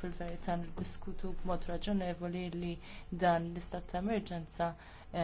fil-verità niddiskutu b'mod raġonevoli li dan l-istat ta' emerġenza eh,